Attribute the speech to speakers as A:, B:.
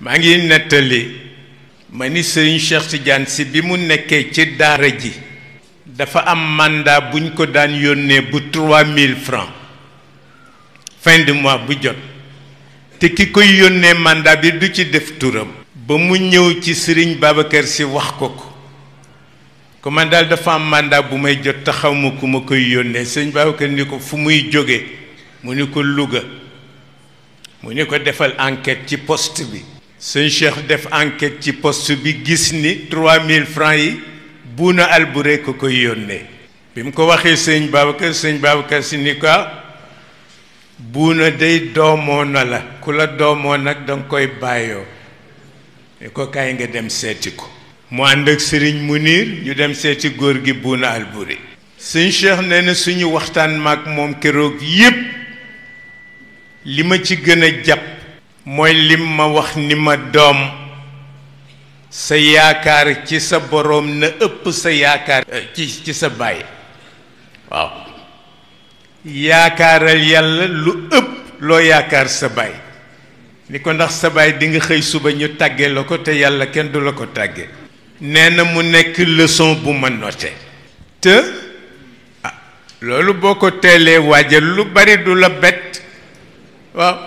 A: maa ngi nettali ma ni sëriñ Cheikh Tidiane si bi mu nekkee ci daara ji dafa am màndaa buñ ko daan yónnee bu trois mille francs fin de mois bu jot te ki koy yónnee mandat bi du ci def turam ba mu ñëw ci sëriñ Babacar si wax ko ko ko man daal dafa am mandat bu may jot te ma ku ma koy yónnee sëriñ Babacar ni ko fu muy jóge mu ni ko Louga mu ni ko defal enquête ci post bi suñ cheikh def enquête ci poste bi gis ni 3000 francs yi buuna alburé ko koy yónnee bi mu ko waxee sëñ Babacar sëñ Babacar si buuna day doomoo na la ku la doomoo nag danga koy bàyyoo ni ko kaay nga dem seeti ko mu ànd ak sëriñ Munir ñu dem seeti góor gi buuna alburé sëñ cheikh nee na suñu waxtaan maak moom keroog yépp li ma ci gëna a jàpp mooy lim ma wax ni ma doom sa yaakaar ci sa boroom na ëpp sa yaakaar eh, ci ci sa baay waaw yaakaaral yàlla lu ëpp loo yaakaar sa baay ni ko ndax sa baay dinga xëy suba ñu tàggee la ko te yàlla kenn du la ko tàggee nee na mu nekk leçon bu ma noté te ah, loolu boo ko teelee waajal lu bari du la bett waaw